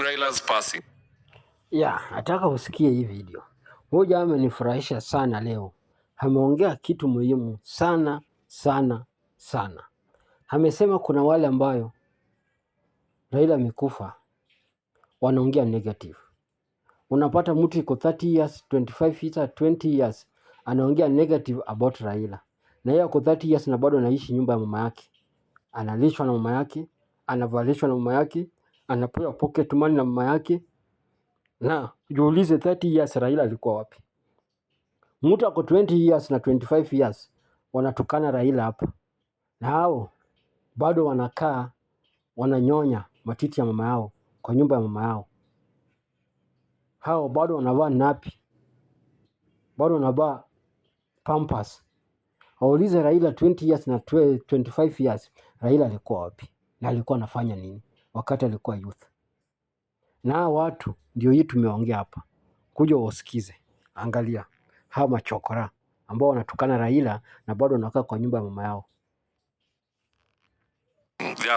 Raila's passing. Yeah, nataka usikie hii video. Huyu jamaa amenifurahisha sana leo. Ameongea kitu muhimu sana sana sana. Amesema kuna wale ambayo Raila amekufa wanaongea negative. Unapata mtu iko 30 years, 25 years, 20 years anaongea negative about Raila. Na yeye ako 30 years na bado anaishi nyumba ya mama yake. Analishwa na mama yake, anavalishwa na mama yake, anapewa pocket money na mama yake, na jiulize 30 years Raila alikuwa wapi? Mtu ako 20 years na 25 years wanatukana Raila hapa, na hao bado wanakaa wananyonya matiti ya mama yao kwa nyumba ya mama yao. Hao bado wanavaa napi, bado wanavaa pampas. Waulize Raila 20 years na 25 years, Raila alikuwa wapi na alikuwa anafanya nini? wakati alikuwa youth. Na watu ndio hii tumeongea hapa, kuja wasikize. Angalia hawa machokora ambao wanatukana Raila na bado wanakaa kwa nyumba ya mama yao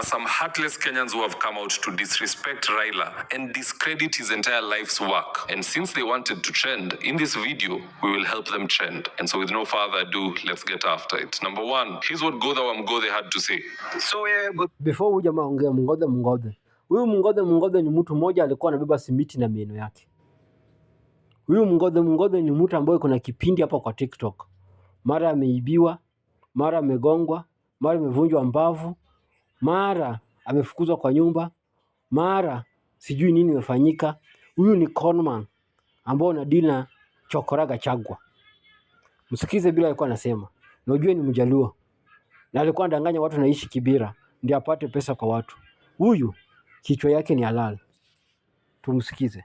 are some heartless Kenyans who have come out to disrespect Raila and discredit his entire life's work. And since they wanted to trend, in this video, we will help them trend. And so, with no further ado, let's get after it. Number one, here's what Godha wa had to say. So, yeah, but... Before huyu jamaa ongea Mgode, Huyu Mgode Mgode ni mtu mmoja alikuwa anabeba simiti na meno yake. Huyu Mgodhe Mgodhe ni mtu ambaye kuna kipindi hapo kwa TikTok. Mara ameibiwa, mara amegongwa, mara amevunjwa mbavu mara amefukuzwa kwa nyumba, mara sijui nini imefanyika. Huyu ni conman ambao na dina chokora Gachagua. Msikize bila alikuwa anasema, na ujue ni Mjaluo na alikuwa anadanganya watu naishi Kibira ndio apate pesa kwa watu. Huyu kichwa yake ni halali. Tumsikize.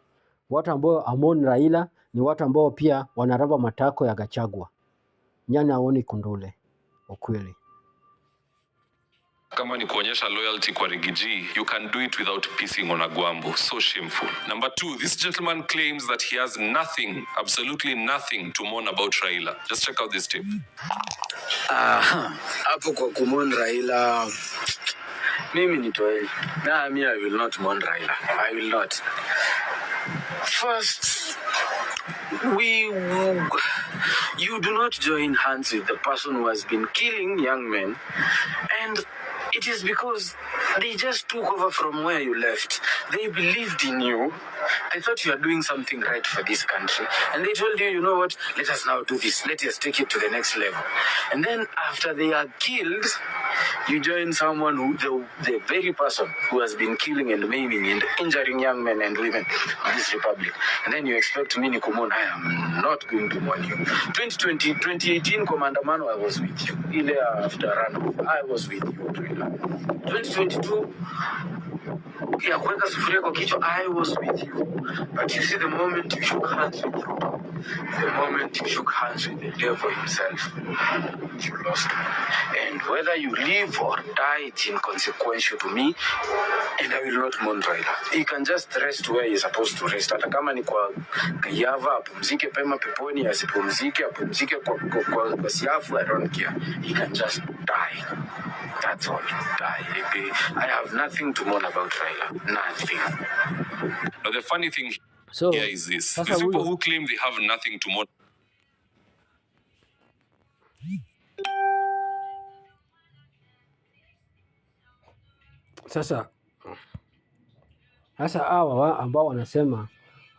watu ambao Amon Raila ni watu ambao pia wanaraba matako ya Gachagua. Nyani aoni kundule ukweli kama ni kuonyesha loyalty kwa Rigiji, you can do it without pissing on a Agwambo. So shameful. Number two, this gentleman claims that he has nothing, absolutely nothing to mourn about Raila. Just check out this tape. Aha. Hapo kwa kumon Raila. Mimi nitoe. Na mimi I will not mourn Raila. I will not. first we you do not join hands with the person who has been killing young men and it is because they just took over from where you left they believed in you I thought you are doing something right for this country. And they told you, you know what, let us now do this. Let us take it to the next level. And then after they are killed, you join someone who, the, the very person who has been killing and maiming and injuring young men and women in this republic. And then you expect me, on? I am not going to mourn you. 2020, 2018, Commander Mano, I was with you. Ile after I was with you. 2022, ya kuweka sufuria kwa kichwa, I was with you. But you see the moment you shook hands with Ruto, the moment you shook hands with the devil himself, you lost me. And whether you live or die, it's inconsequential to me, and I will not mourn Raila. He can just rest where he is supposed to rest. Hata kama ni kwa Kayava, apumzike pema peponi, asipumzike, apumzike kwa, kwa, kwa, kwa Siafu, I don't care. He can just die. That's all. I, I have nothing to mourn about Raila. Nothing. Now, the funny thing so, here is this. These people huyo. who claim they have nothing to mourn. Sasa sasa hawa ambao wanasema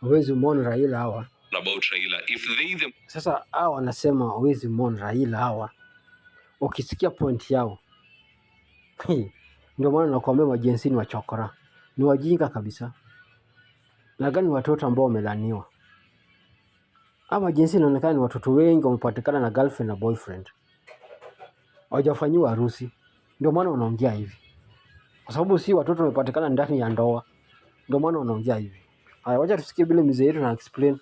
hawezi muona Raila hawa about Raila. If they them... Sasa hawa wanasema hawezi muona Raila hawa, ukisikia point yao ndio maana nakuambia majensi ni wachokora, ni wajinga kabisa. gani watoto ambao wamelaniwa ama jinsi inaonekana ni watoto wengi wamepatikana na girlfriend na boyfriend, hawajafanyiwa harusi, ndio maana wanaongea hivi, kwa sababu si watoto wamepatikana ndani ya ndoa, ndio maana wanaongea hivi. Haya, wacha tusikie vile mzee yetu na explain.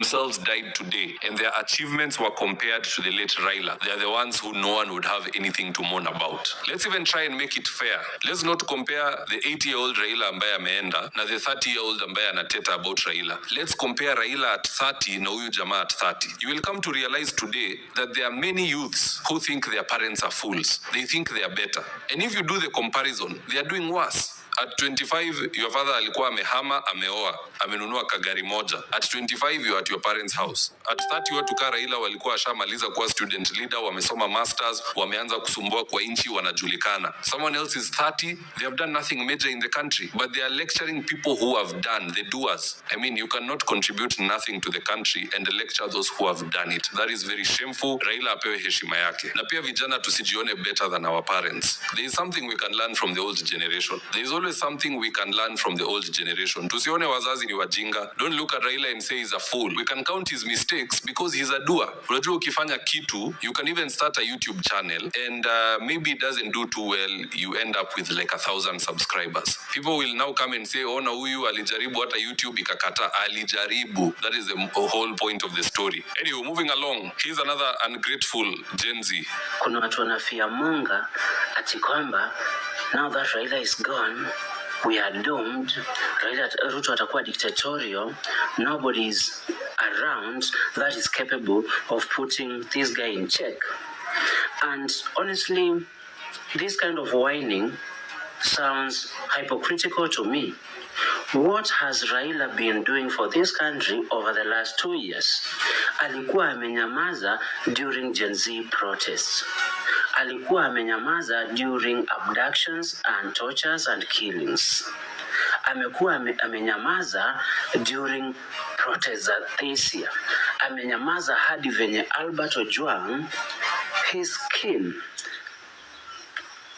themselves died today and their achievements were compared to the late Raila, they are the ones who no one would have anything to mourn about. Let's even try and make it fair. Let's not compare the 80 year old Raila ambaye ameenda na the 30 year old ambaye anateta about Raila. Let's compare Raila at 30 na huyu jamaa at 30. You will come to realize today that there are many youths who think their parents are fools. They think they are better. And if you do the comparison, they are doing worse. At 25 your father alikuwa amehama, ameoa, amenunua kagari moja. At 25 you at your parents house. At 30 watu kaa Raila walikuwa washamaliza kuwa student leader, wamesoma masters, wameanza kusumbua kwa nchi, wanajulikana. Someone else is 30, they have done nothing major in the country, but they are lecturing people who have done, the doers. I mean, you cannot contribute nothing to the country and lecture those who have done it. That is very shameful. Raila apewe heshima yake. Na pia vijana tusijione better than our parents. There is something we can learn from the old generation. There is always always something we can learn from the old generation. Tusione wazazi ni wajinga. Don't look at Raila and say he's a fool. We can count his mistakes because he's a doer. Unajua ukifanya kitu, you can even start a YouTube channel and uh, maybe it doesn't do too well. You end up with like a thousand subscribers. People will now come and say, ona oh, huyu alijaribu hata YouTube ikakata. Alijaribu. That is the whole point of the story. Anyway, moving along. Here's another ungrateful Gen Z. Kuna watu wanafia munga ati kwamba now that Raila is gone we are doomed. Raila Ruto atakuwa dictatorial, nobody is around that is capable of putting this guy in check. And honestly, this kind of whining sounds hypocritical to me. What has Raila been doing for this country over the last two years? Alikuwa amenyamaza during Gen Z protests alikuwa amenyamaza during abductions and tortures and killings. Amekuwa amenyamaza during protest amenyamaza hadi venye Albert Ojwang his skin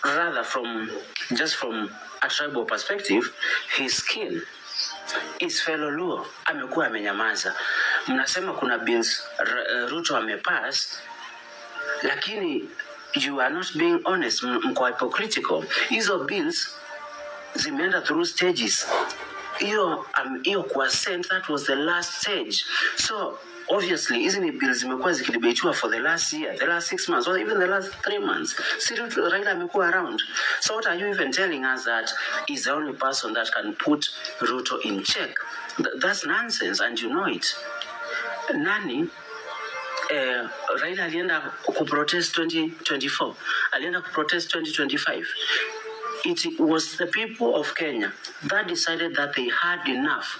rather from just from a tribal perspective his skin is fellow Luo amekuwa amenyamaza. Mnasema kuna bins Ruto amepass, lakini you are not being honest, mko hypocritical. Hizo bills zimeenda through stages hiyo um, hiyo kwa sent, that was the last stage so obviously hizi ni bill zimekuwa zikidebatiwa for the last year the last six months or even the last three months Cyril Raila amekuwa around so what are you even telling us that is the only person that can put Ruto in check Th that's nonsense and you know it nani eh, Raila alienda kuprotest 2024, alienda kuprotest 2025. It was the people of Kenya that decided that they had enough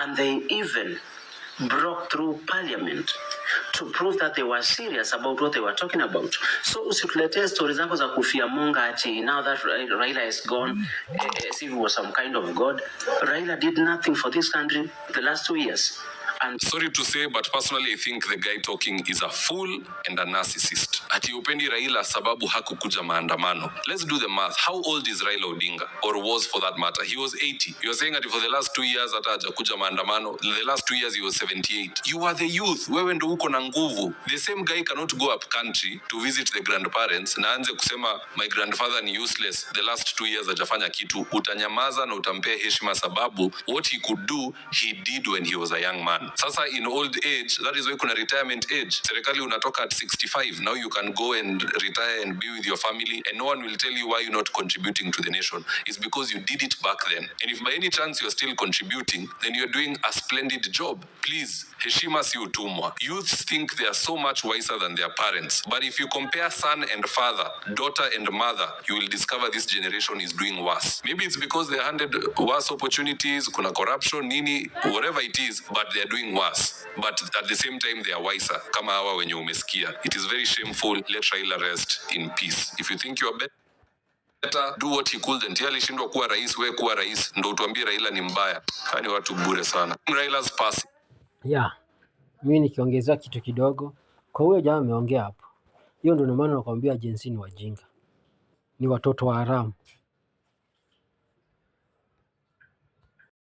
and they even broke through parliament to prove that they were serious about what they were talking about. So usituletee stori zako za kufia monga ati now that Raila is gone as eh, eh, if he was some kind of god. Raila did nothing for this country the last two years and sorry to say but personally i think the guy talking is a fool and a narcissist ati upendi raila sababu hakukuja maandamano let's do the math how old is raila odinga or was for that matter he was 80 you're saying ati for the last two years hata hajakuja maandamano the last two years he was 78 you are the youth wewe ndo uko na nguvu the same guy cannot go up country to visit the grandparents na anze kusema my grandfather ni useless the last two years hajafanya kitu utanyamaza na utampea heshima sababu what he could do he did when he was a young man sasa in old age, that is why kuna retirement age. Serikali unatoka at 65, now you can go and retire and be with your family and no one will tell you why you're not contributing to the nation. It's because you did it back then. And if by any chance you're still contributing, then you're doing a splendid job. Please, heshima si utumwa. Youths think they are so much wiser than their parents. But if you compare son and father, daughter and mother, you will discover this generation is doing worse. Maybe it's because they're handed worse opportunities, kuna corruption, nini, whatever it is, but they're doing doing worse, but at the same time they are wiser, kama hawa wenye umesikia. It is very shameful. Let Raila rest in peace. If you think you are better do what he couldn't. Yeye alishindwa kuwa rais, wewe kuwa rais ndio utuambie Raila ni mbaya. Hani watu bure sana. Raila's passing. Yeah. Mimi nikiongezea kitu kidogo kwa huyo jamaa ameongea hapo, hiyo ndio maana nakwambia jinsi ni wajinga, ni watoto wa haramu.